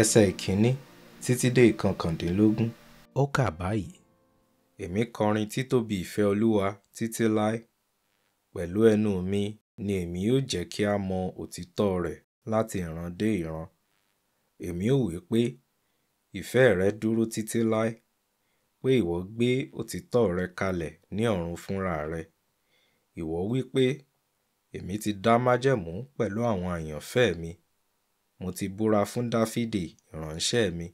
ẹsẹ̀ ìkíní títí dé ìkọkàndínlógún. ó kà báyìí. èmi kọrin títóbi ìfẹ́ olúwa títí láé pẹ̀lú ẹnu mi ni èmi yóò jẹ́ kí a mọ òtítọ́ rẹ̀ láti ìran dé ìran èmi ò wí pé ìfẹ́ rẹ dúró títí láé pé ìwọ gbé òtítọ́ rẹ kalẹ̀ ní ọ̀run fúnra rẹ ìwọ wí pé èmi ti dá májẹ̀mú pẹ̀lú àwọn àyànfẹ́ mi mo ti búra fún dáfídì ìránṣẹ́ mi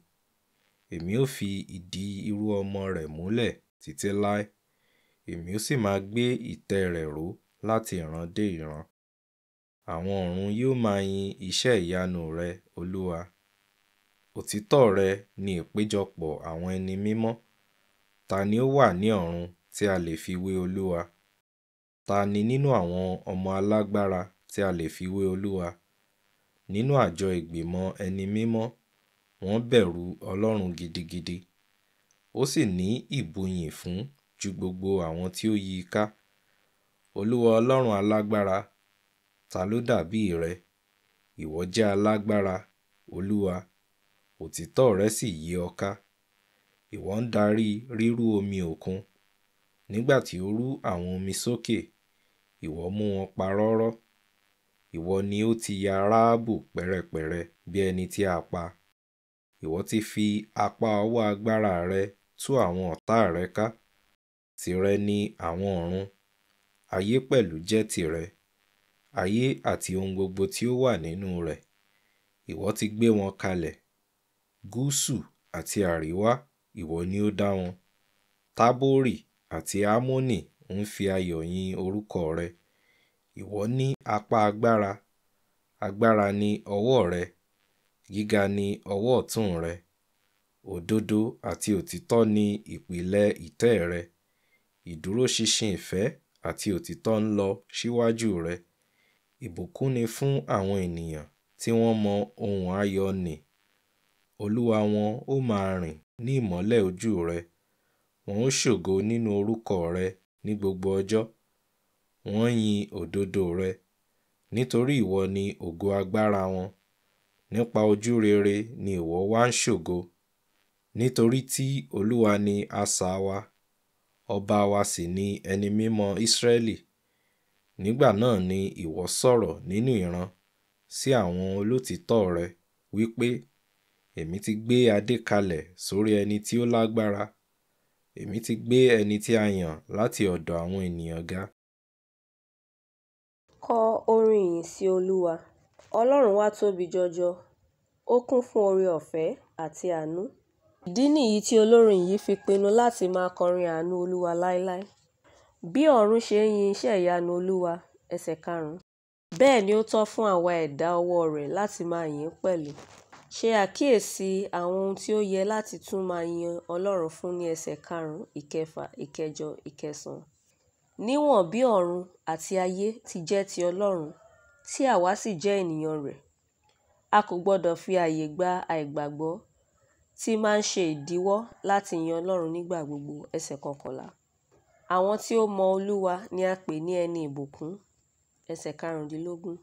èmi ó fi ìdí irú ọmọ rẹ̀ múlẹ̀ títí láé èmi ó sì máa gbé ìtẹ́ rẹ̀ ró láti ìran dé ìran àwọn ọ̀run yóò máa yin iṣẹ́ ìyanu rẹ olúwa òtítọ́ rẹ ni ìpéjọpọ̀ àwọn ẹni mímọ́ ta ni ó wà ní ọ̀run tí a lè fi wé olúwa ta ni nínú àwọn ọmọ alágbára tí a lè fi wé olúwa nínú àjọ ìgbìmọ̀ ẹni mímọ́ wọn bẹ̀rù ọlọ́run gidigidi ó sì ní ìbòyìn fún ju gbogbo àwọn tí ó yí i ká olúwa ọlọ́run alágbára ta ló dàbí rẹ ìwọ jẹ́ alágbára olúwa òtítọ́ rẹ sì yí ọ ká ìwọ ń darí rírú omi òkun nígbà tí ó rú àwọn omi sókè ìwọ mú wọn pa rọ́rọ́ ìwọ ni ó ti ya Ráábù pẹ́rẹpẹ̀rẹ bí ẹni tí a pa. Ìwọ ti fi apá ọwọ́ agbára rẹ tú àwọn ọ̀tá rẹ ká. Tìrẹ ni àwọn ọ̀run. Ayé pẹ̀lú jẹ́ tìrẹ. Ayé àti ohun gbogbo tí ó wà nínú rẹ̀. Ìwọ ti gbé wọn kalẹ̀. Gúúsù àti àríwá ìwọ ni ó dá wọn. Tábórì àti Ámónì ń fi ayọ̀ yin orúkọ rẹ. Ìwọ ní apá agbára. Agbára ni ọwọ́ rẹ. Gíga ni ọwọ́ ọ̀tún rẹ. Òdodo àti òtítọ́ ni ìpìlẹ̀ ìtẹ́ rẹ. Ìdúróṣinṣin ìfẹ́ àti òtítọ́ ń lọ síwájú rẹ. Ìbùkún ni fún àwọn ènìyàn tí wọ́n mọ ohùn ayọ̀ nì. Olúwa wọn ó máa rìn ní ìmọ́lẹ̀ ojú rẹ. Wọn ó ṣògo nínú orúkọ rẹ ní gbogbo ọjọ́ wọ́n yin òdodo rẹ nítorí ìwọ ni ògo agbára wọn nípa ojú rere ni ìwọ wá ń ṣògo nítorí tí olúwa ni asà wa ọba wa sì ni ẹni mímọ́ ísírẹ́lì nígbà náà ni ìwọ sọ̀rọ̀ nínú ìran sí àwọn olótìtọ́ rẹ wípé èmi ti gbé adé kalẹ̀ sórí ẹni tí ó lágbára èmi ti gbé ẹni tí a yàn láti ọ̀dọ̀ àwọn ènìyàn ga kọ orin ìyìn sí olúwa ọlọ́run wa tóbi jọjọ ó kún fún oore-ọ̀fẹ́ àti àánú ìdí nìyí tí olórin yìí fi pinnu láti máa kọrin àánú olúwa láéláé bí ọ̀run ṣe ń yin iṣẹ́ ìyanu olúwa ẹsẹ̀ karùn-ún bẹ́ẹ̀ ni ó tọ́ fún àwa ẹ̀dá ọwọ́ rẹ̀ láti máa yìn pẹ̀lú ṣe àkíyèsí àwọn ohun tí ó yẹ láti tún máa yin ọlọ́run fún ní ẹsẹ̀ karùn-ún ìkẹfà ìkẹjọ ìkẹsàn-án níwọ̀n bí ọ̀run àti ayé ti jẹ́ ti ọlọ́run tí àwa sì jẹ́ ènìyàn rẹ̀ a kò gbọ́dọ̀ fi ààyè gba àìgbàgbọ́ tí máa ń ṣe ìdíwọ́ láti yin ọlọ́run nígbà gbogbo ẹsẹ̀ kọkànlá àwọn tí ó mọ olúwa ni a pè ní ẹni ìbùkún ẹsẹ̀ karùndínlógún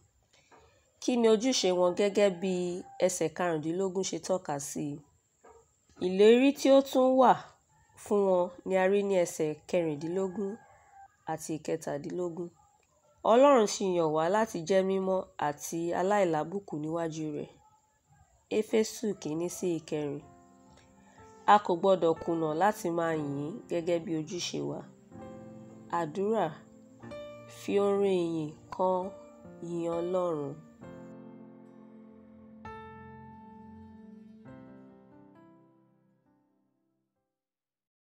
kí ojúṣe wọn gẹ́gẹ́ bí ẹsẹ̀ karùndínlógún ṣe tọ́ka sí ìlérí tí ó tún wà fún wọn ni a rí ní ẹsẹ̀ kẹrìndínlógún àti ìkẹtàdínlógún ọlọ́run sì yàn wá láti jẹ́ mímọ́ àti aláìlábùkù níwájú rẹ̀ éfésù kínní sí ìkẹrin a kò gbọ́dọ̀ kùnà láti máa yìn ín gẹ́gẹ́ bí ojúṣe wa àdúrà fi orin ìyìn kan yin ọlọ́run